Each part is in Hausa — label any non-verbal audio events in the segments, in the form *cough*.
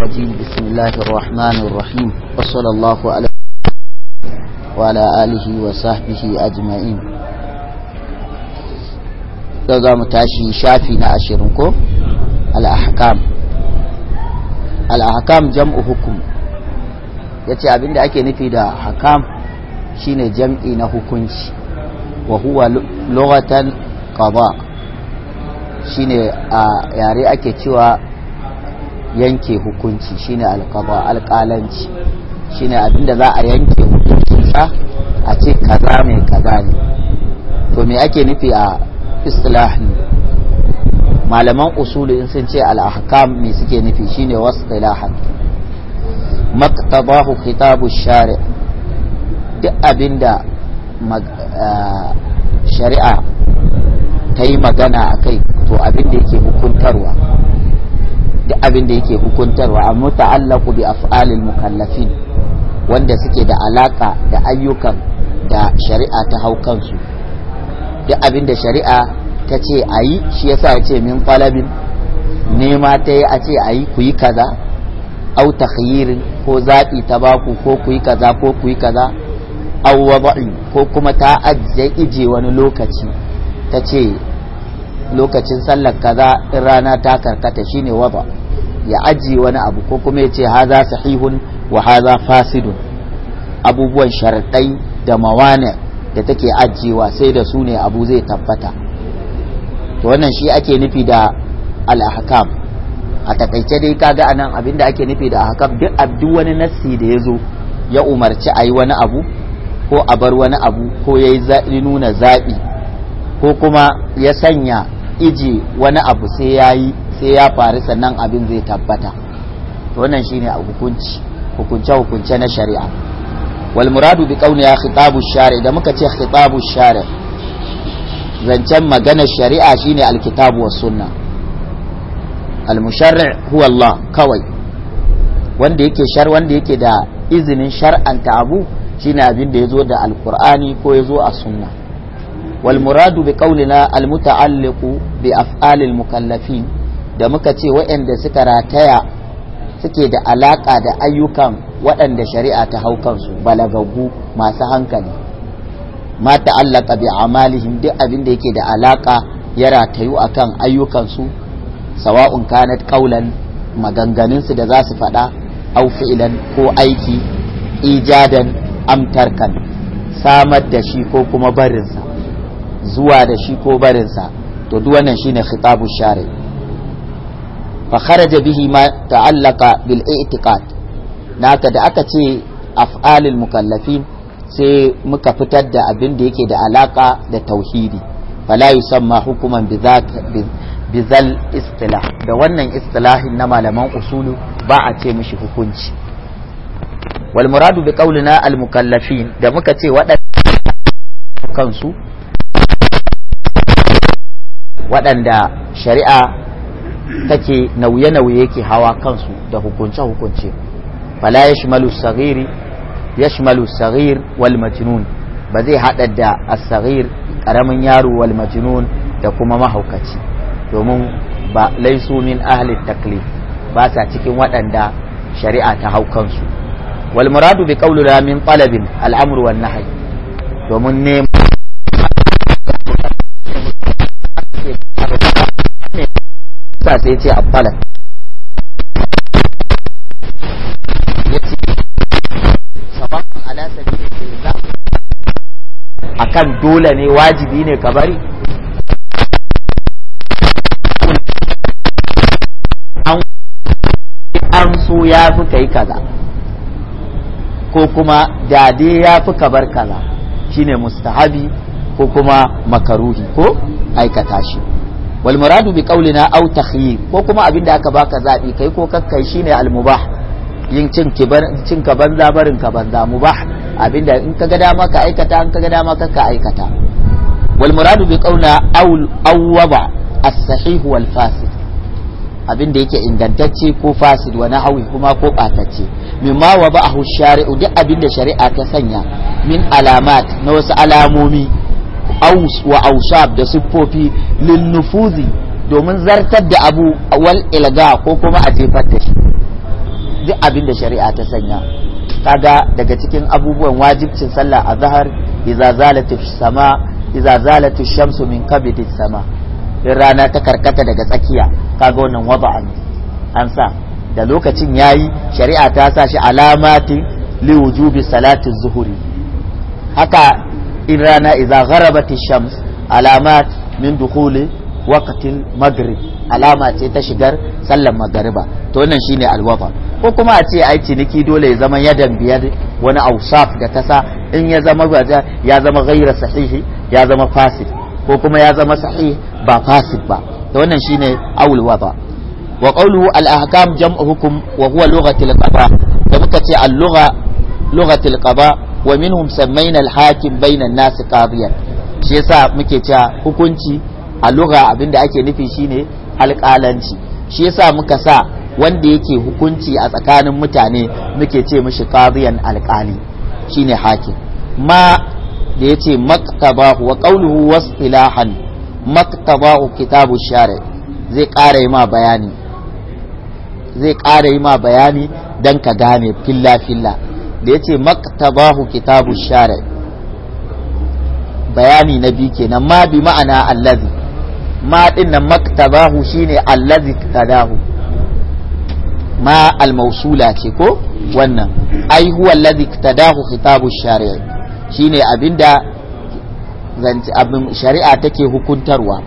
الرجيم بسم الله الرحمن الرحيم وصلى الله على وعلى آله وصحبه أجمعين daga mu tashi shafi na ashirin ko al'ahkam al'ahkam jam'u hukum ya ce abinda ake nufi da hakam shine jam'i na hukunci wa huwa lugatan shine a yare ake cewa yanke hukunci shine alqaba alqalanci shine abinda za a yanke hukuncin a ce kaza mai kaza ne to me ake nufi a islahi malaman usulu in sun ce al me suke nufi shine wastilahan maqtadahu kitabu shari' duk abinda eh, shari'a ta yi magana a kai to abinda yake hukuntarwa duk abin da yake hukuntarwa a ta'allaqu bi af'alil mukallafin wanda suke da alaka da ayyukan da shari'a ta hau kansu duk abin da shari'a ta ce ayi shi yasa ya ce min talabin nema ta yi a ce ayi ku yi kaza au takhyirin ko zaɓi ta baku ko ku yi kaza ko ku yi kaza au wada'i ko kuma ta ajiye ije wani lokaci ta ce lokacin sallar kaza in rana ta karkata shine wab'a. ya ajiye wani abu ko kuma ya ce haza sahihun wa haza fasidun abubuwan sharaɗai da mawane da take ajiyewa sai da su ne abu zai tabbata to wannan shi ake nufi da al'ahkam a takaice dai kaga anan abinda ake nufi da ahkam duk abdu wani nassi da ya zo ya umarci a yi wani abu ko a bar wani abu ko ya yi nuna zaɓi ko kuma ya sanya iji wani abu sai ya yi sai ya faru sannan abin zai tabbata to wannan shine a hukunci hukunce hukunce na shari'a wal muradu bi qawli ya khitabu shari da muka ce khitabu shari zancen magana shari'a shine alkitabu was sunna al musharri' huwa Allah kawai wanda yake shar wanda yake da izinin shar'anta abu shine abin da yazo da alqur'ani ko yazo a sunna wal muradu bi qawlina al muta'alliqu bi af'alil mukallafin da muka ce waɗanda suka rataya suke da alaƙa da ayyukan waɗanda shari'a ta hau kansu balagagu masu hankali ma ta'allaka bi amalihim duk abin da yake da alaƙa ya ratayu akan ayyukansu sawa'un kanat ƙaulan maganganunsu da za su faɗa au fi'ilan ko aiki ijadan amtarkan samar da shi ko kuma barinsa zuwa da shi ko barinsa to duk wannan shine khitabu shari'a fa kharaja bihi ma ta'allaqa bil i'tiqad naka da aka ce af'alil mukallafin sai muka fitar da abin da yake da alaka da tauhidi fala yusamma hukuman bizal istila da wannan istilahin na malaman usulu ba a ce mishi hukunci wal muradu bi qaulina al mukallafin da muka ce waɗanda kansu waɗanda shari'a take nauye-nauye ke hawa kansu da hukunce-hukunce fala ya shimalu sagiri ya shimalu sagir wal majnun ba zai hada da asagir karamin yaro wal da kuma mahaukaci domin ba laisu min ahli taklif ba sa cikin waɗanda shari'a ta hau kansu wal muradu bi qawli min talabin al amru wan domin neman sa sai ce a falak ya ce sabon alasar ne ke za a kan dole ne wajibi ne ka bari an so ya fi kai kaza ko kuma dade ya fi kabar kaza shine mustahabi ko kuma makaruhi ko aikata shi wal muradu bi qawlina aw takhyir ko kuma abin da aka baka zabi kai ko kakkai shine al mubah yin cin kibar cin ka banza barin ka banza mubah abinda in ga dama ka aikata in ga dama ka ka aikata wal muradu bi qawlina aw awwaba as sahih wal fasid abin da yake ingantacce ko fasid wa nahawi kuma ko batacce mimma wa ba'ahu shari'u duk abin da shari'a ta sanya min alamat na wasu alamomi Aus wa aushab da siffofi lin domin zartar da abu wal ilga ko kuma a jefar da shi duk abin da shari'a ta sanya kaga daga cikin abubuwan wajibcin sallah a zahar iza sama iza zalatu shamsu min kabidis sama in rana ta karkata daga tsakiya kaga wannan wada'an an sa da lokacin yayi shari'a ta sa shi alamati li wujubi salati zuhuri haka in rana iza gharabat shams alamat min dukhuli waqtil maghrib alama ce ta shigar sallar magariba to wannan shine alwaba ko kuma a ce ai ciniki dole ya zama yadan biyar wani ausaf da tasa in ya zama ya zama ghaira sahihi ya zama fasid ko kuma ya zama sahih ba fasid ba to wannan shine awul wa al ahkam jam'u wa huwa lughatil qada da muka ce al lugha lughatil qada wa minhum sammaina al-hakim bainan nas qadiyan shi yasa muke cewa hukunci a lugha abinda ake nufi shine alƙalanci shi yasa muka sa wanda yake hukunci a tsakanin mutane muke ce mishi qadiyan alƙali shine hakim ma da yace maktabahu wa qawluhu wasilahan maktabahu kitabu shari zai ƙara yi ma bayani zai ƙara yi ma bayani don ka gane filla-filla da ce maktabahu kitabu share bayani na biyu kenan ma bi ma'ana allazi ma din nan maktabahu shine allazi kadahu ma almausula ce ko wannan ai huwa allazi tadahu khitabu shari'i shine abinda zance abin shari'a take hukuntarwa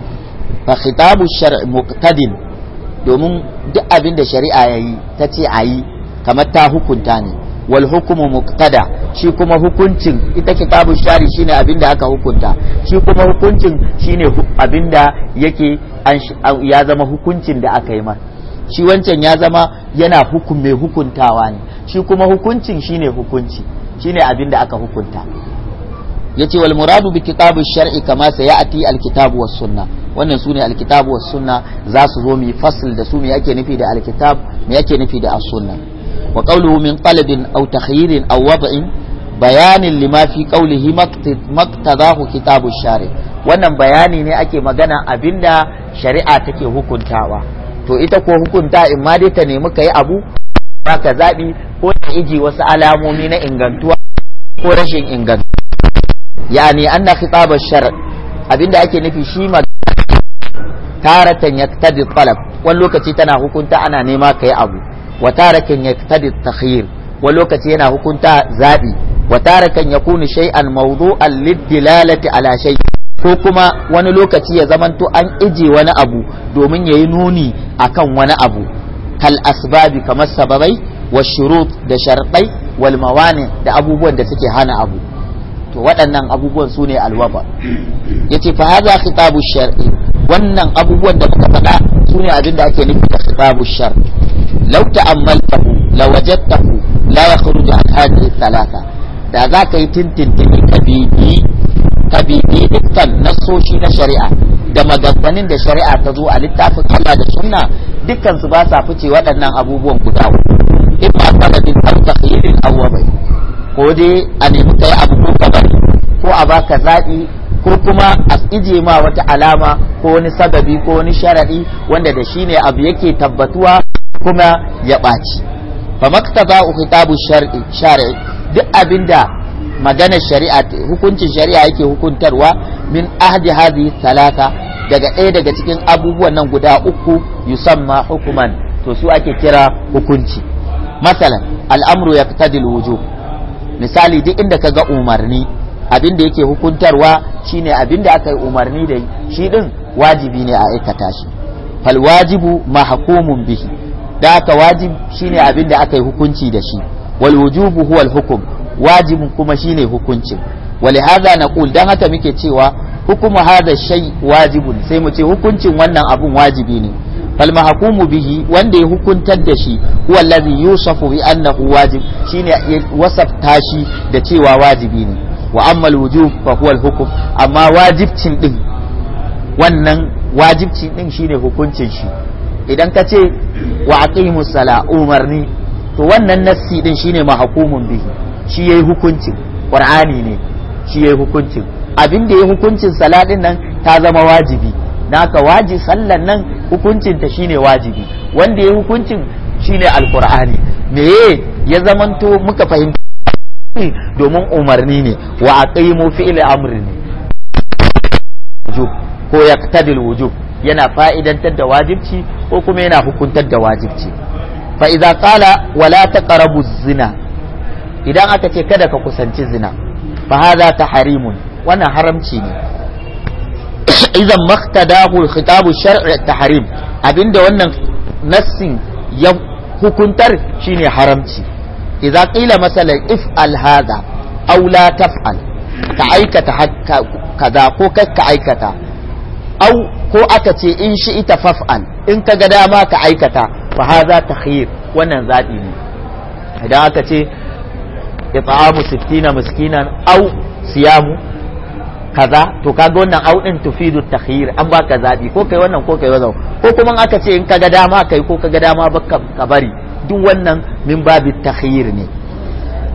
fa kitabu shar'i muqtadin domin duk abinda shari'a yayi a ayi kamar ta hukunta ne wal hukumu muqtada shi kuma hukuncin ita kitabu shari shine abinda aka hukunta shi kuma hukuncin shine abinda yake ya zama hukuncin da aka yi ma shi wancan ya zama yana hukum mai hukuntawa ne shi kuma hukuncin shine hukunci shine abinda aka hukunta yace wal muradu bi kitabu shar'i kama sayati al kitabu was sunna wannan sune al kitabu was sunna za su zo mu fasl da su me yake nufi da al kitab me yake nufi da as sunna wa qawluhu min qalbin aw takhyirin aw wad'in bayanin limafi fi qawlihi maqtadahu kitabu wannan bayani ne ake magana abinda shari'a take hukuntawa to ita ko hukunta in ma dai ta nemi kai abu baka zabi ko ta iji wasu alamomi na ingantuwa ko rashin ingantuwa yani anna khitabu shar abinda ake nufi shi magana taratan yaqtadi talab wani lokaci tana hukunta ana nema kai abu wa tarakan yaqtadi at-takhyir wani lokaci yana hukunta zaɓi wa tarakan yakunu shay'an mawdu'an lid-dilalati ala shay ko kuma wani lokaci ya zamanto an ije wani abu domin yayi nuni a kan wani abu kal asbabi kamar sababai wa shurut da sharɗai wal mawani da abubuwan da suke hana abu to waɗannan abubuwan su ne alwaba yace fa hadha khitabu shar'i wannan abubuwan da muka faɗa su ne abin da ake nufi da khitabu shar law ta'ammaltahu lawajadtahu la yakhruju an hadhihi thalatha da za ka yi tintintini tini ka bibi dukkan nasoshi na shari'a da maganganun da shari'a ta zo a littafin Allah da sunna dukkan su ba sa fice waɗannan abubuwan guda in ba ta da bin an takhirin awwabai ko dai a nemi kai abu ko ko a baka zaɓi ko kuma a ije ma wata alama ko wani sababi ko wani sharaɗi wanda da shi ne abu yake tabbatuwa kuma ya ɓaci fa maktaba hitabu shari'i duk abinda magana shari'a hukuncin shari'a yake hukuntarwa min ahdi hadhihi talata daga ɗaya daga cikin abubuwan nan guda uku yusamma hukuman to su ake kira hukunci masalan al'amru ya fita wujub misali duk inda ka ga umarni abin da yake hukuntarwa shine abin da aka yi umarni da shi din wajibi ne a aikata shi fal wajibu mahkumun bihi da aka wajib shine abin da aka yi hukunci da shi wal wujubu huwa hukum wajibin kuma shine hukuncin wali na kul dan haka muke cewa hukumu hadha shay wajibun sai mu ce hukuncin wannan abun wajibi ne fal mahkumu bihi wanda ya hukuntar da shi huwa allazi yusafu bi annahu wajib shine ya wasafta shi da cewa wajibi ne wa amma al wujub fa huwa al hukum amma wajibcin din wannan wajibcin din shine hukuncin shi idan ka ce wa aqimus sala umarni to wannan nassi din shine mahkumun bihi shi yayi hukuncin qur'ani ne shi yayi hukuncin abin da yayi hukuncin sala din nan ta zama wajibi naka waji sallan nan hukuncin ta shine wajibi wanda yayi hukuncin shine alqur'ani meye ya zamanto muka fahimta domin umarni ne wa aqimu fi'l amri ne ko yaqtadil wujub yana fa'idantar da wajibci ko kuma yana hukuntar da wajibci fa'iza idza wala ta ƙarabu zina idan aka ce kada ka kusanci zina fa ta harimun wannan haramci ne *coughs* idan maqtadahu shari'a shar'i tahrim abinda wannan nassin ya hukuntar shine haramci idza qila masalan if'al hadha aw la taf'al ka aikata kaza ko ka aikata au ko aka ce in shi ita faf'al in ka ga dama ka aikata fa haza takhyir wannan zabi ne idan aka ce kaza to kaga wannan tufidu an baka zabi ko kai wannan ko kai wannan ko kuma aka ce in ka ga dama kai ko ka ga dama baka ka bari duk wannan min babi takhyir ne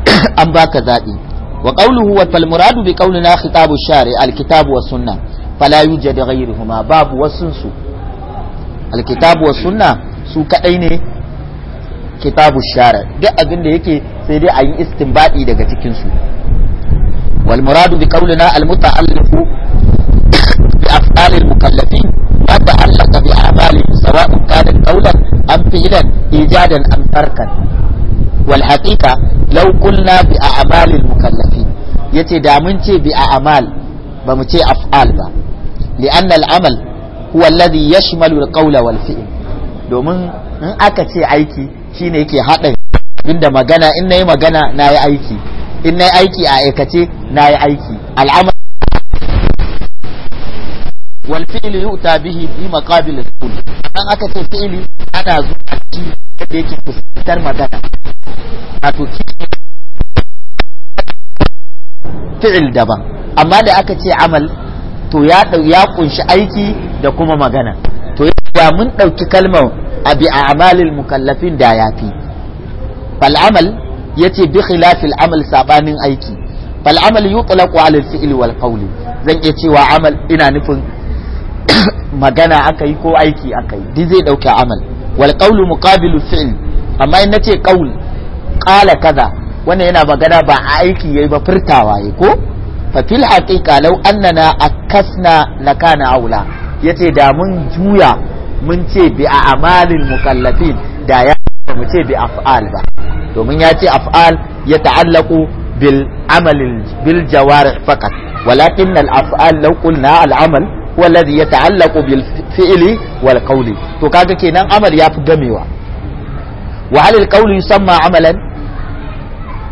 *coughs* an baka zabi wa qawluhu wa fal muradu bi qawlina khitabu shari al kitabu was sunnah fala yujad ghayruhuma babu wasun su alkitabu was sunna su kadai ne kitabu shara duk abin da yake sai dai a yi istinbadi daga cikin su wal muradu bi qawlina al muta'alliqu bi af'al al mukallafin ma ta'allaqa bi a'malihim sawa'un kana qawlan am fi'lan ijadan am tarkan wal haqiqa law qulna bi a'mal al mukallafin yace da mun ce bi a'mal ba mu ce af'al ba li'anna al'amal huwa alladhi yashmalu al-qawla wal fi'l domin in aka ce aiki shine yake hada inda magana in nayi magana na yi aiki in nayi aiki a aikace na yi aiki al'amal wal fi'l yu'ta bihi bi maqabil al-qul dan aka ce fi'li ana zuwa ci da yake fuskantar magana wato fi'il daban amma da aka ce amal to ya ya kunshi aiki da kuma magana to ya mun ɗauki kalmar abi a amalil mukallafin da ya fi fal'amal ya ce bi khilafil amal sabanin aiki fal'amal yi tsalaku alil fi'il wal qawli zan iya cewa amal ina nufin *coughs* magana aka yi ko aiki akai? yi zai ɗauki amal wal qawlu muqabilu fi'il amma in nace qawl qala kaza wannan yana magana ba aiki yayi ba furtawa yayi ko fa fil haqiqa law annana na lakana aula yace da mun juya mun ce bi a amalil mukallafin da ya mu ce bi af'al ba domin ya ce af'al ya ta'allaku bil amalin bil jawarih fakat walakin al af'al law qulna al amal ya ta'allaku bil fi'ili wal to kaga kenan amal yafi gamewa wa hal al yusamma amalan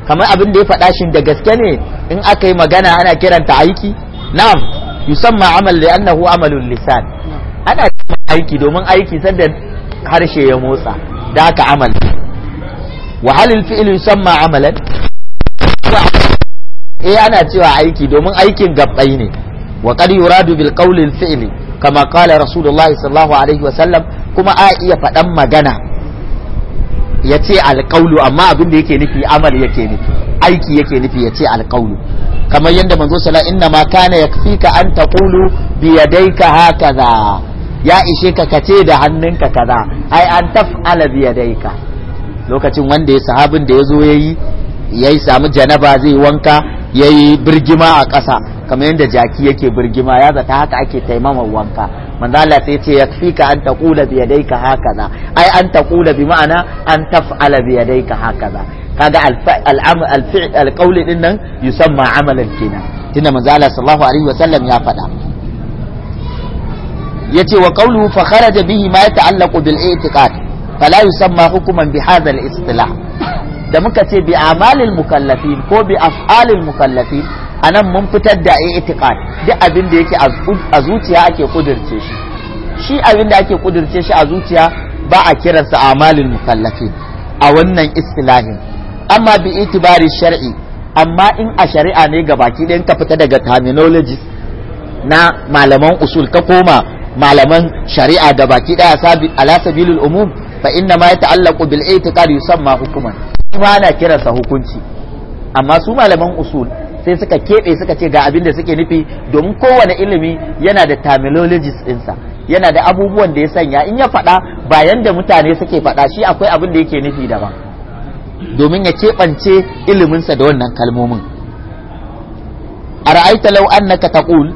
kamar abin da ya faɗa shi da gaske ne in aka yi magana ana kiranta aiki na'am yusamma amal li annahu amalul lisan ana kiranta aiki domin aiki sanda harshe ya motsa da haka amal wa halil fi'lu yusamma amalan eh ana cewa aiki domin aikin gabbai ne wa qad yuradu bil qawli al fi'li kama qala rasulullahi sallallahu alaihi wa sallam kuma a iya faɗan magana ya ce alƙaulu amma abin da yake nufi amal yake nufi aiki yake nufi ya ce alƙaulu kamar yadda manzo sala inna ma kana yakfika an taqulu bi yadayka hakaza ya ishe ka kace da hannunka kaza ai an taf'ala bi yadayka lokacin wanda ya sahabin da yazo yayi yayi samu janaba zai wanka yayi birgima a ƙasa kamar yadda jaki yake birgima ya zata haka ake taimaman wanka manzo Allah sai ce ka an taƙula taqula bi haka hakaza ai an taƙula bi ma'ana an taf'ala bi yadayka hakaza kaga alqawli din nan yusamma amalan kenan tunda manzo Allah sallallahu alaihi wasallam ya faɗa yace wa qawluhu fa kharaja bihi ma ya yata'allaqu bil i'tiqad fala yusamma hukuman bi hadha al istilah da muka ce bi amalil mukallafin ko bi af'alil mukallafin a nan mun fitar da ya itiqad duk abin da yake a zuciya ake kudirce shi shi abin da ake kudirce shi a zuciya ba a kiransa amalin mukallafin a wannan istilahin amma bi itibari shar'i amma in a shari'a ne ga baki ɗayan ka fita daga terminologies na malaman usul ka koma malaman shari'a da baki ɗaya sabi ala sabilul umum fa inna ma yata'allaqu bil i'tiqad yusamma hukuman ma ana kiransa hukunci amma su malaman usul sai suka keɓe suka ce ga abin da suke nufi domin kowane ilimi yana da terminologies ɗinsa yana da abubuwan da ya sanya in ya faɗa bayan da mutane suke faɗa shi akwai abin da yake nufi daban domin ya keɓance iliminsa da wannan kalmomin a ra'aita lau annaka taqul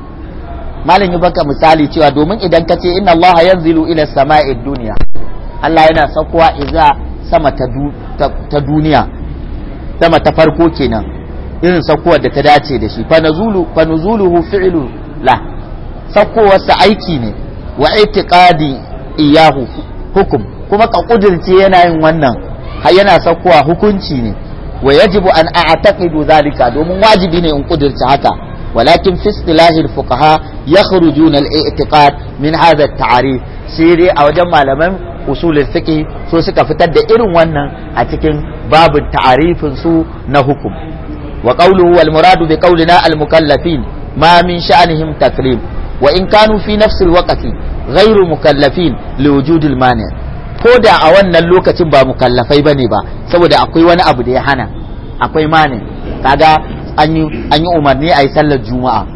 malam baka misali cewa domin idan ka ce inna Allah yanzilu ila sama'i duniya Allah yana saukowa iza sama ta duniya sama ta farko kenan irin saukowar da ta dace da shi fanazulu fanuzuluhu fi'lu la saukowarsa aiki ne wa itiqadi iyahu hukum kuma ka kudirce yana yin wannan har yana saukowa hukunci ne wa yajibu an a'taqidu zalika domin wajibi ne in kudirce haka walakin fi fukaha fuqaha yakhrujuna al-i'tiqad min hadha at-ta'rif sai dai a wajen malaman usulul fiqh so suka fitar da irin wannan a cikin babin ta'arifin su na hukum wa qawluhu muradu bi qawlina na almukallafi ma min sha'nihim takrim wa in kanu fi nafsi al mukallafi ghairu ko da a wannan lokacin ba mukallafai bane ba saboda akwai wani abu da ya hana akwai mani kaga an yi an yi umarni a yi sallar juma'a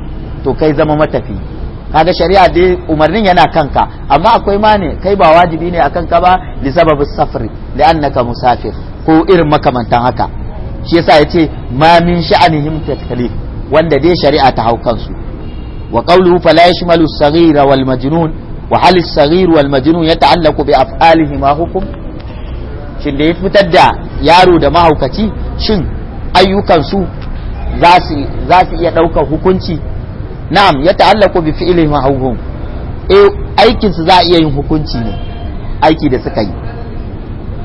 to kai zama matafi kaga shari'a dai umarnin yana kanka amma akwai mani kai ba wajibi ne akan kanka ba li sababis safari li annaka musafir ko irin makamantan haka shi yasa yace ma min sha'anihim taklif wanda dai shari'a ta hau kansu wa qawluhu fala yashmalu as-saghira wal majnun wa hal as-saghir wal majnun yata'allaqu bi af'alihi ma hukum shin da ya fitar da yaro da mahaukaci shin ayyukan su za su za su iya daukar hukunci na'am yata'allaqu bi fi'lihi ma hukum eh aikin su za iya yin hukunci ne aiki da suka yi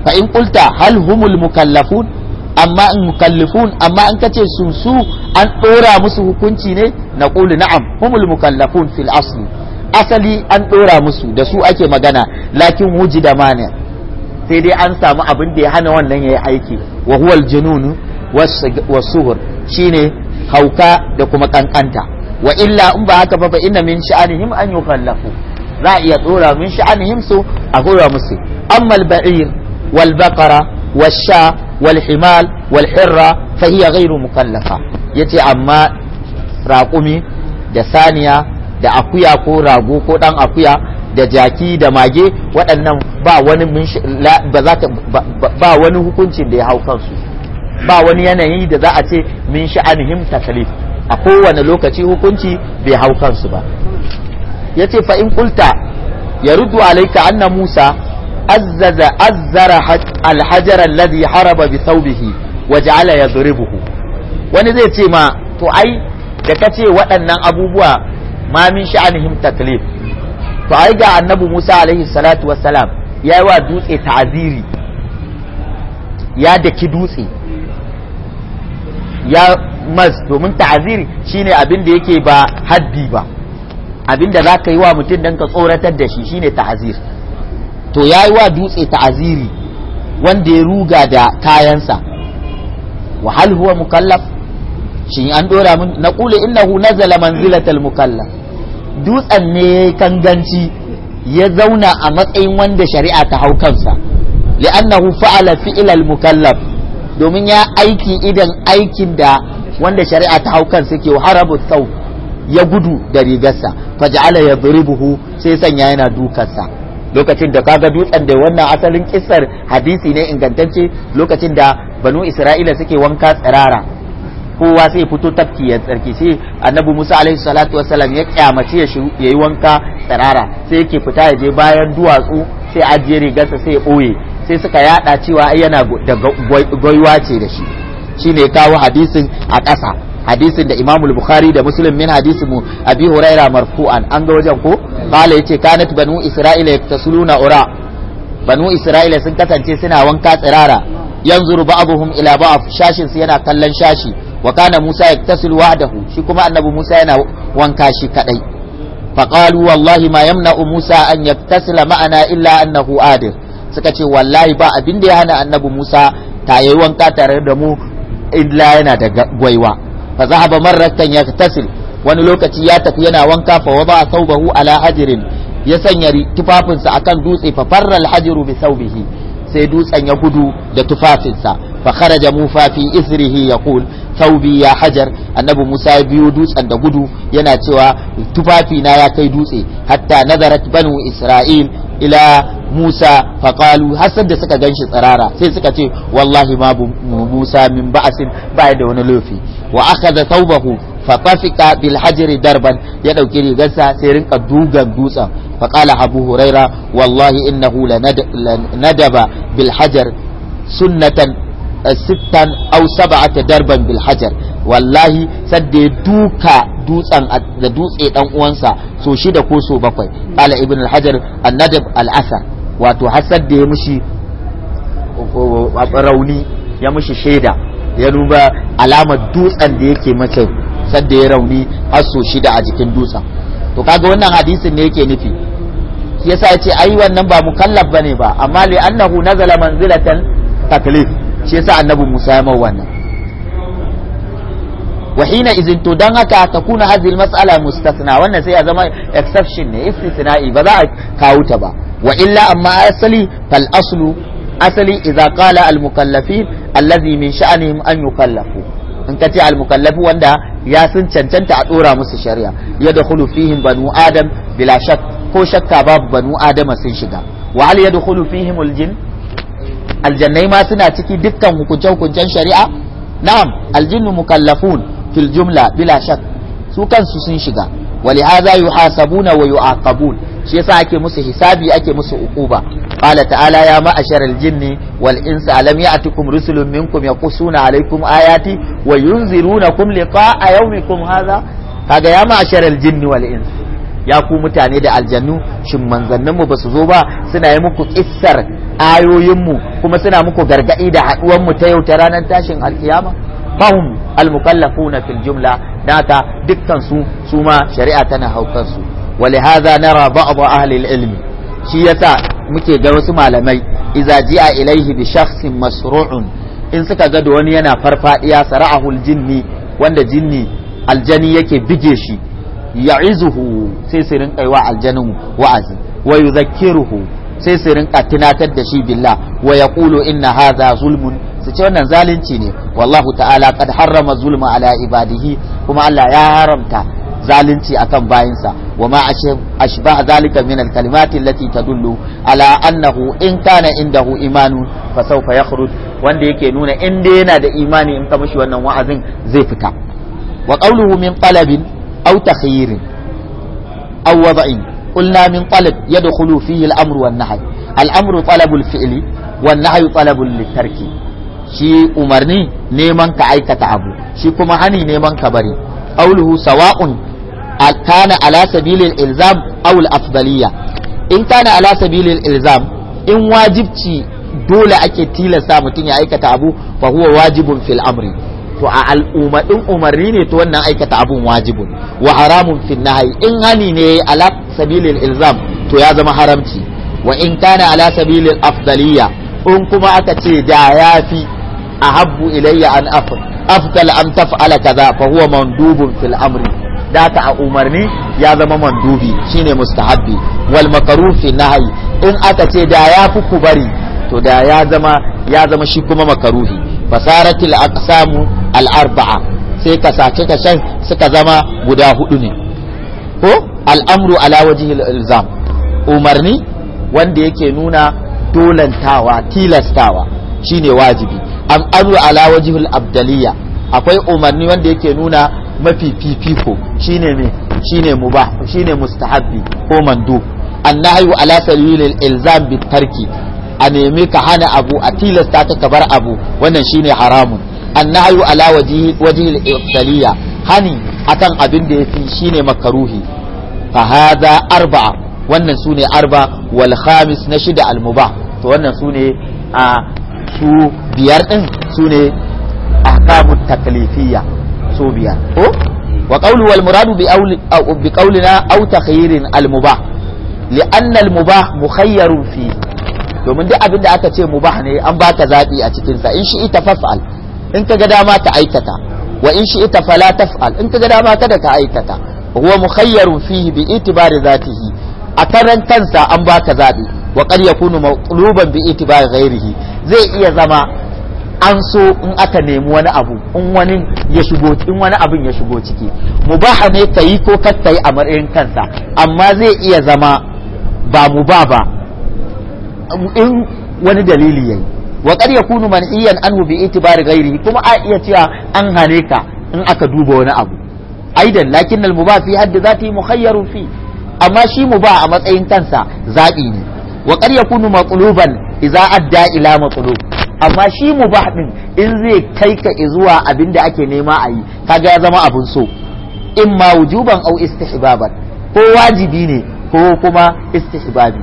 fa in qulta hal humul mukallafun amma in mukallafun amma an kace su su an dora musu hukunci ne na qulu na'am humul mukallafun fil asli asali an dora musu da su ake magana lakin da mana sai dai an samu abin da ya hana wannan yayi aiki wa huwal junun wasuhur shine hauka da kuma kankanta wa illa in ba haka ba fa inna min sha'anihim an yukallafu za a iya dora min sha'anihim su a gora musu amma al-ba'ir wal baqara sha Walhimal himal wal hirra fa hiya ghairu mukallafa yace amma raƙumi da saniya da akuya ko rago ko ɗan akuya da jaki da mage waɗannan ba wani ba wani hukuncin da ya hau kansu ba wani yanayi da za a ce min sha'anihim taklif a kowane lokaci hukunci bai hau kansu ba yace fa in qulta yaruddu alayka anna musa azzaza azzara alhajar alladhi haraba bi thawbihi wa ja'ala yadribuhu wani zai ce ma to ai da kace waɗannan abubuwa ma min sha'anihim taklif to ai ga annabi Musa alaihi salatu wassalam yi wa dutse ta'ziri ya daki dutse ya mas domin ta'aziri shine abin da yake ba haddi ba abin da za ka yi wa mutum don ka tsoratar da shi shine ta'azir to ya yi wa dutse ta'aziri wanda ya ruga da kayansa wa hal mukallaf shi an dora mun na kula innahu nazala manzilatal mukallaf dutsen ne kanganci ya zauna a matsayin wanda shari'a ta hau kansa li'annahu fa'ala fi'ilal mukallaf domin ya aiki idan aikin da wanda shari'a ta hau kansa ke harabu sau ya gudu da rigarsa faj'ala yadribuhu sai sanya yana dukarsa lokacin da kaga dutsen da wannan asalin kissar hadisi ne ingantacce lokacin da banu isra'ila suke wanka tsirara kowa sai fito tafki ya tsarki sai annabi musa alaihi salatu wasalam ya kyamace ya yi wanka tsirara sai yake fita ya je bayan duwatsu sai ajiye rigarsa sai ya boye sai suka yada cewa yana da gwaiwa ce da shi shine kawo hadisin a ƙasa hadisin da imamul bukhari da muslim min hadisi mu abi huraira marfu'an an ga wajen ko ya ce kanat banu isra'ila yaktasuluna ura banu isra'ila sun kasance suna wanka tsirara yanzuru ba'dhum ila ba'd shashin su yana kallon shashi wa kana musa yaktasil wahdahu shi kuma annabi musa yana wanka shi kadai fa qalu wallahi ma yamna'u musa an yaktasila ma'ana illa annahu adir suka ce wallahi ba abin da ya hana annabi musa ta yayi wanka tare da mu illa yana da gwaiwa fa zahaba marratan yaktasil wani lokaci ya tafi yana wanka fa wada thawbahu ala hajirin ya sanya tufafinsa akan dutse fa farral hajiru bi thawbihi sai dutsen ya gudu da tufafinsa fa kharaja musa fi isrihi yaqul thawbi ya hajar annabi musa ya biyo dutsen da gudu yana cewa tufafi na ya kai dutse hatta nazarat banu isra'il ila musa fa qalu hasan da suka ganshi tsirara sai suka ce wallahi ma musa min ba'asin ba da wani lofi wa akhadha thawbahu fatafika bil hajri darban ya dauki rigarsa sai rinka dugan dutsen fa abu huraira wallahi innahu lanadaba bil hajar sunnatan eh, sittan aw sab'ata darban bil hajar wallahi sadda ya duka dutsen da dutse dan uwansa so shida ko so bakwai qala ibn al hajar an nadab al asar wato hasad da ya mushi rauni ya mushi shaida ya duba alamar dutsen da yake mace sadda ya rauni har so shida a jikin dutsen to kaga wannan hadisin ne yake nufi shi yasa yace ai wannan ba mukallaf bane ba amma li annahu nazala manzilatan taklif shi yasa annabi Musa ya mawa wannan wa hina izin dan haka takuna hadhihi mas'ala mustasna wannan sai ya zama exception ne istisna'i ba za a kawo ta ba wa illa amma asali fal aslu asali idza qala al mukallafin allazi min sha'anihim an yukallafu in ka ce al mukallafu wanda ya sun cancanta a dora musu shari'a ya da fihim banu adam bila shak ko shakka babu banu adama sun shiga wa hal ya da fihim aljin aljannai ma suna ciki dukkan hukunce hukuncen shari'a na'am aljinnu mukallafun fil jumla bila shak su kansu sun shiga ولهذا يحاسبون ويعاقبون shi yasa ake musu hisabi ake musu uquba qala ta'ala ya ma'ashar al-jinni wal insi alam ya'tikum rusulun minkum yaqusuna alaykum ayati wa yunzirunakum liqa'a yawmikum hadha kaga ya ma'ashar al-jinni wal ya ku mutane da aljannu shin manzannin mu basu zo ba suna yi muku kissar ayoyin mu kuma suna muku gargadi da haduwan mu ta yau ta ranar tashin alkiyama fahum almukallafuna fil jumla nata dukkan su su ma shari'a tana haukan su ولهذا نرى بعض ilmi shi yasa muke ga wasu malamai iza a ilaihi bi shakhsin masru'un in suka ga da wani yana farfadiya sara'ahul jinni wanda jinni aljani yake bige shi ya'izuhu sai su rinka wa aljanin wa'azi wa yuzakkiruhu sai su rinka tunatar da shi billah wa yaqulu inna hadha zulmun su ce wannan zalunci ne wallahu ta'ala kad harrama zulma ala ibadihi kuma Allah ya haramta zalunci akan bayinsa wa ma ashba zalika min alkalimati allati tadullu ala annahu in kana indahu imanu fa sawfa yakhruj wanda yake nuna in dai yana da imani in ka mishi wannan wa'azin zai fita wa qawluhu min qalabin aw takhyirin aw wada'in qulna min qalab yadkhulu fihi al-amru wan nahy al-amru talabul fi'li wan talabul litarki shi umarni neman ka aikata abu shi kuma hani neman ka bari qauluhu sawa'un kana ala sabilil ilzam aw al in kana ala sabilil ilzam in wajibci dole ake tilasta mutum ya aikata abu fa huwa wajibun fil amri to a al'umadin umarni ne to wannan aikata abun wajibun wa haramun fil nahyi in hani ne ala sabilil ilzam to ya zama haramci wa in kana ala sabilil Afdaliyya in kuma aka ce da yafi ahabbu ilayya an af afdal an taf'ala kaza fa huwa mandubun fil amri ka a umarni ya zama mandubi shine mustahabbi wal makarufi nahyi in aka ce da ya fi ku bari to da ya zama ya zama shi kuma makaruhi fasaratil aqsamu al arba'a sai ka shan suka zama guda hudu ne ko al'amru ala wajihi ilzam umarni wanda yake nuna dolantawa tilastawa shine wajibi amru ala wajhil abdaliya akwai umarni wanda yake nuna mafi fifiko shine me shine shine mustahabbi ko mandu annahyu ala sabilil ilzam bitarki tarki a nemi ka hana abu a tilasta ka kabar abu wannan shine haramun annahyu ala wajhil hani akan abin da yafi shine makaruhi fa hadha arba'a wannan sune arba wal khamis na shida al mubah to wannan sune a su biyar din su ne ahkamut taklifiyya su biyar ko wa wal muradu bi li fi domin duk abin da aka ce mubah ne an baka zabi a cikin sa in shi ita in dama aikata wa in shi ita fala taf'al in dama kada ka aikata huwa mukhayyarun fihi bi itibari zatihi a karan kansa an baka zabi wa qad yakunu maqluban bi itibari ghairihi zai iya zama an so in aka nemi wani abu in wani ya shigo in wani abin ya shigo ciki mubaha ne ka yi ko kar ta yi a matsayin kansa amma zai iya zama ba mu ba ba in wani dalili yayi wa ya kunu manhiyan anhu bi itibari gairi kuma a iya cewa an hane ka in aka duba wani abu aidan lakin al mubah fi hadd zati mukhayyarun fi amma shi mubah a matsayin kansa zabi ne wa ya kunu maquluban idza adda ila maqlub amma shi mu ba din in zai kai ka zuwa abin da ake nema a yi kaga ya zama abin so in ma wujuban au istihbaban ko wajibi ne ko kuma istihbabi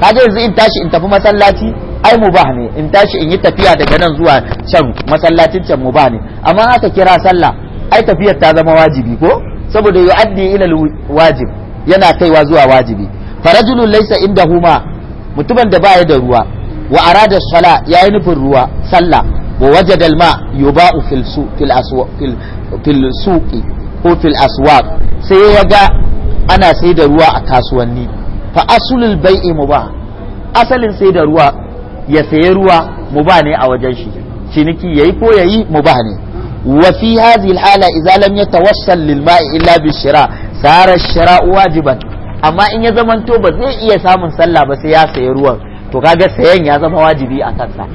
kaga yanzu in tashi in tafi masallaci ai mu ba ne in tashi in yi tafiya daga nan zuwa can masallacin can mu ba ne amma aka kira sallah ai tafiyar ta zama wajibi ko saboda addi ila wajib yana kaiwa zuwa wajibi farajulun laysa indahuma mutumin da baya da ruwa wa sala ya yi nufin ruwa sallah wa waje dalma yi ba u filsuki ko filasuwa sai ya ana sai da ruwa a kasuwanni fa asulul bai'i mu ba asalin saida ruwa ya sayi ruwa mu ba a wajen shi ciniki yayi ko yayi yi mu ba ne wa fi hazi hala izalam ya tawassal lil illa bi shira sara shira wajiban amma in ya zamanto ba zai iya samun sallah ba sai ya saya ruwan to kaga sayan ya zama wajibi a kansa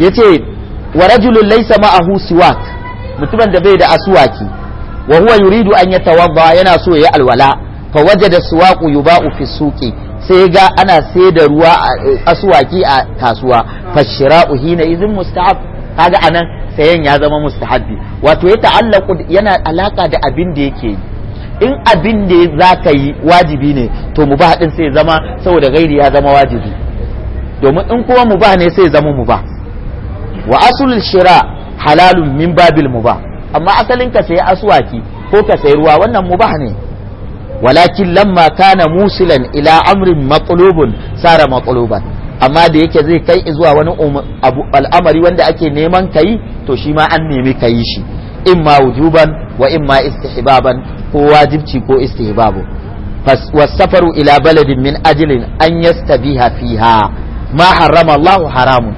yace wa rajulun laysa ma'ahu siwak mutumin da bai da asuwaki wa huwa yuridu an yatawadda yana so ya alwala fa wajada siwaku yuba'u fi suqi sai ga ana sai da ruwa asuwaki a kasuwa shira'u hina izin musta'ab kaga anan sayan ya zama mustahabbi wato ya ta'allaqu yana alaka da abin da yake yi in abin da za ka yi wajibi ne to mu ba din sai zama saboda gairi ya zama wajibi domin in kuma mu ba ne sai zama mu ba wa asulul shira halalun min babil mu ba amma asalin ka sayi aswaki ko ka sayi ruwa wannan mu ba ne walakin lamma kana musilan ila amrin maqlubun sara maqluban amma da yake zai kai zuwa wani um-, al'amari wanda ake neman kayi to shi ma an nemi kayi shi imma wujuban wa imma istihbaban ko wajibci ko istihbabu wasafaru ila baladin min ajilin an yastabiha fiha ma harrama Allahu haramun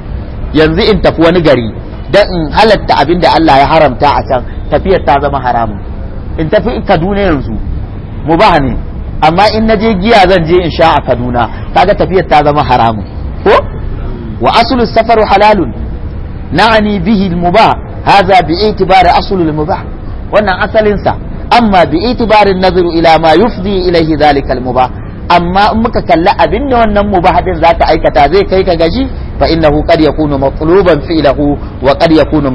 yanzu in tafi wani gari dan in halatta abinda Allah ya haramta a can tafiyar ta zama haramun in tafi Kaduna yanzu ba ne amma in naje giya zan je in sha a Kaduna kaga tafiyar ta zama haramun ko wa aslu safaru halalun na'ani bihi al-mubah hadha bi aslu al-mubah wannan asalin sa amma bi itibarin nazaru ila ma yufdi ilaihi zalikal mubah amma in muka kalli abin da wannan mubah din zaka aikata zai kai ka gaji fa innahu qad yakunu matluban fi'lahu wa qad yakunu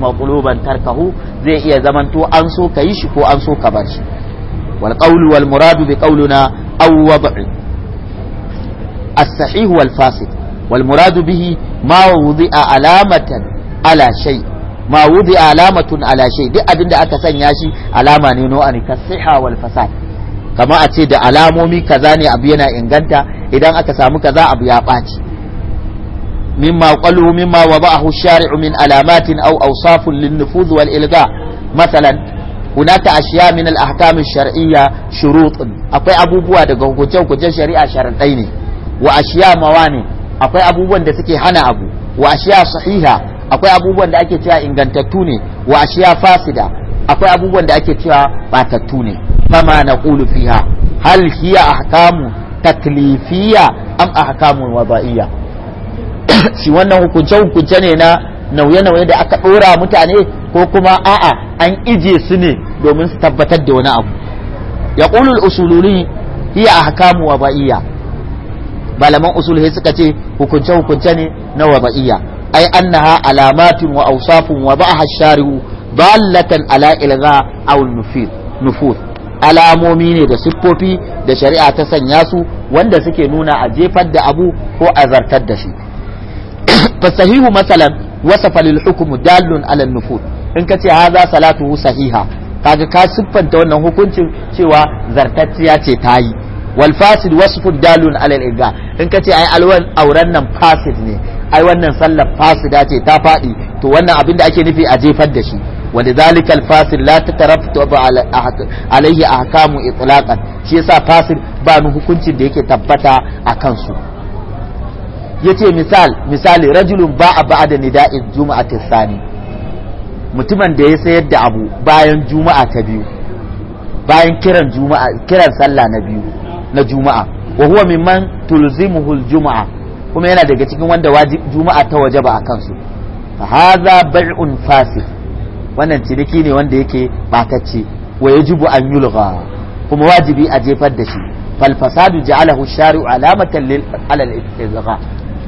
mabluban tarkahu zai iya zamanto an so ka yi shi ko an so ka bar shi wal qawlu wal muradu bi qawluna aw wad'i as-sahih wal fasid wal muradu bihi ma wudi'a alamatan ala shay' ma wudi alamatun ala shay duk abin da aka sanya shi alama ne no an kasiha wal fasad kama a ce da alamomi kaza ne abu yana inganta idan aka samu kaza abu ya ɓaci mimma qalu mimma wada'ahu shari'u min alamatin aw awsafun lin nufuz wal ilga masalan hunaka ashiya min al ahkam shar'iyya shurutun akwai abubuwa daga hukunce hukuncen shari'a sharadai ne wa ashiya mawani akwai abubuwan da suke hana abu wa ashiya sahiha akwai abubuwan da ake cewa ingantattu ne wa ashiya fasida akwai abubuwan da ake cewa batattu ne fama naqulu fiha hal hiya ahkamu taklifiya am ahkamu wada'iyya *coughs* shi wannan hukunce hukunce ne na nauye-nauye da aka ɗora mutane ko kuma a'a an ije su ne domin su tabbatar da wani abu ya al usuluri hiya ahkamu hakamu malaman usul suka ce hukunce-hukunce ne na wa ai annaha alamatin wa awsafun wa ba'aha shari'u dallatan ala ilgha aw alamomi ne da siffofi da shari'a ta sanya su wanda suke nuna a jefar da abu ko a zartar da shi fasahihu masalan wasafa lil hukm dallun ala nufud in ka ce haza salatuhu sahiha kaga ka siffanta wannan hukuncin cewa zartacciya ce ta yi wal fasid wasfu dalun ala ilga in ka ce ai alwan auren nan fasid ne ai wannan sallar fasida ce ta faɗi to wannan abin da ake nufi a jefar da shi zalikal ولذلك الفاسد لا alaihi a احكام اطلاقا shi yasa fasid ba ni hukuncin da yake tabbata a kansu yace misal misali rajulun ba a da nida'in juma'atin sani mutumin da ya sayar da abu bayan juma'a ta biyu bayan kiran juma'a kiran sallah na biyu na juma'a wa huwa mimman tulzimuhu juma'a kuma yana daga cikin wanda juma'a ta waje ba a kansu haza bai'un fasih wannan ciniki ne wanda yake bakacce wa yajibu an yulgha kuma wajibi a jefar da shi fal fasadu ja'alahu Sharu alamatan lil alal izgha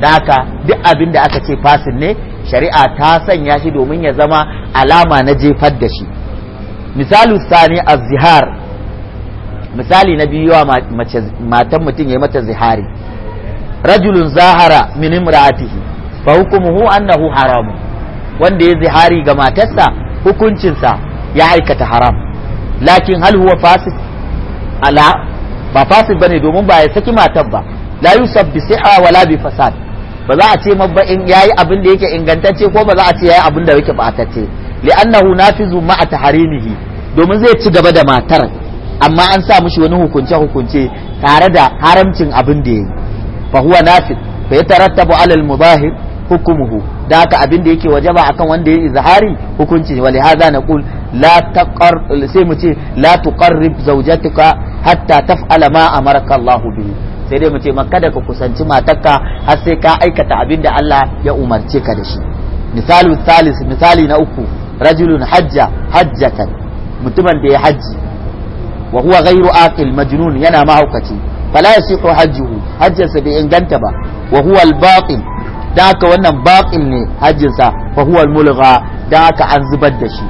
da haka duk abin da aka ce fasin ne shari'a ta sanya shi domin ya zama alama na jefar da shi misalu sani azhar misali na biyuwa matan mutum ya mata zihari rajulun zahara min imra'atihi fa hukumuhu annahu haramun wanda ya zihari ga matarsa hukuncinsa ya aikata haram lakin hal huwa ala ba fasid bane domin ba ya saki matar ba la yusab bi siha wala bi fasad ba za a ce mabba in yayi abin da yake ingantacce ko ba za a ce yayi abin da yake batacce li'annahu nafizu ma'a harinihi domin zai ci gaba da matar amma an sa mishi wani hukunce hukunce tare da haramcin abin da yayi fa huwa nafiq fa yatarattabu ala al-mudahir hukumuhu da abin da yake wajaba akan wanda ya izhari hukunci wa na naqul la taqar sai mu ce la tuqarrib zawjatuka hatta taf'ala ma amaraka sai dai mu ce kada ka kusanci matarka har sai ka aikata abin da Allah ya umarce ka da shi misali salis misali na uku rajulun hajja hajjatan mutumin da ya hajji wa huwa ghairu aqil majnun yana mahaukaci fala yasihu hajjuhu hajjinsa bai inganta ba wa huwa al-batil da haka wannan baƙin ne hajjinsa fa huwa al da haka an zubar da shi